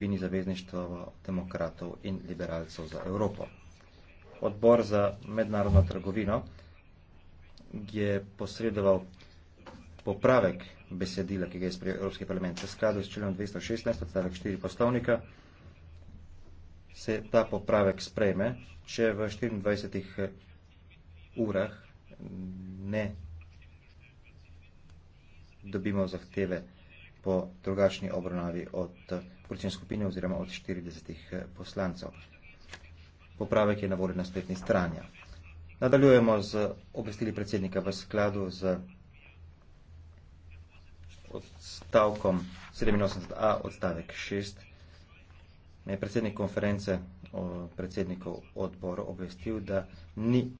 in zavezništvo demokratov in liberalcev za Evropo. Odbor za mednarodno trgovino je posredoval popravek besedila, ki ga je sprejel Evropski parlament. V skladu s členom 216, odstavek 4 poslovnika, se ta popravek sprejme, če v 24 urah ne dobimo zahteve po drugačni obravnavi od poročne skupine oziroma od 40 eh, poslancev. Popravek je na voljo na spletni strani. Nadaljujemo z obvestili predsednika v skladu z odstavkom 87a odstavek 6. Me je predsednik konference predsednikov odbora obvestil, da ni.